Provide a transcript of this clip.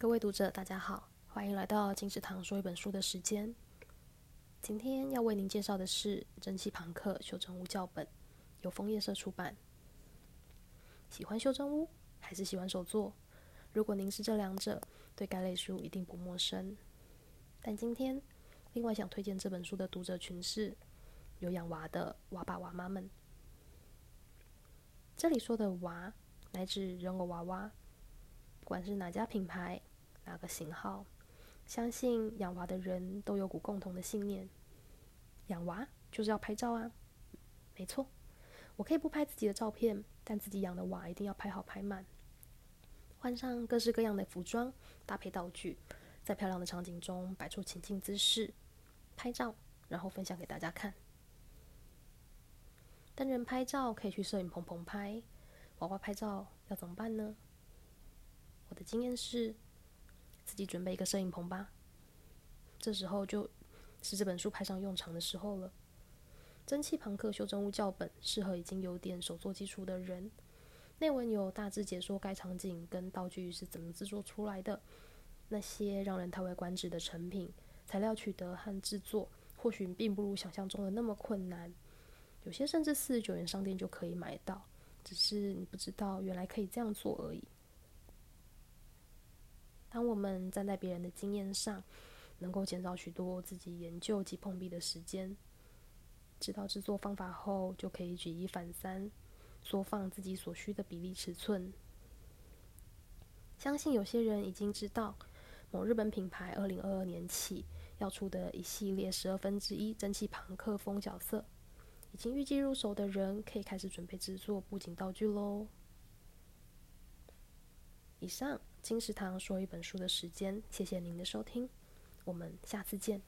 各位讀者，大家好，歡迎來到金石堂說一本書的時間。今天要為您介紹的是《蒸汽朋克修正屋教本》，由楓葉社出版。喜歡修正屋，還是喜歡手作？如果您是這兩者，對該類書一定不陌生。但今天，另外想推薦這本書的讀者群是有養娃的娃爸娃媽們。這裡說的娃，來自人偶娃娃。不管是哪家品牌、哪個型號，相信養娃的人都有股共同的信念：養娃就是要拍照啊！沒錯，我可以不拍自己的照片，但自己養的娃一定要拍好拍滿。換上各式各樣的服裝，搭配道具，在漂亮的場景中擺出情境姿勢，拍照，然後分享給大家看。單人拍照可以去攝影棚棚拍，娃娃拍照要怎麼辦呢？我的經驗是，自己準備一個攝影棚吧。這時候就是這本書派上用場的時候了，《蒸氣龐克袖珍屋教本》適合已經有點手作基礎的人。內文有大致解說該場景跟道具是怎麼製作出來的。那些讓人嘆為觀止的成品，材料取得和製作或許並不如想象中的那麼困難。有些甚至四十九元商店就可以買到，只是你不知道原來可以這樣做而已。當我們站在別人的經驗上，能夠減少許多自己研究及碰壁的時間。知道製作方法後，就可以舉一反三，縮放自己所需的比例尺寸。相信有些人已經知道，某日本品牌二零二二年起要出的一系列十二分之一蒸汽龐克風角色，已經預計入手的人可以開始準備製作布景道具嘍。以上。金石堂說一本書的時間，謝謝您的收聽，我們下次見。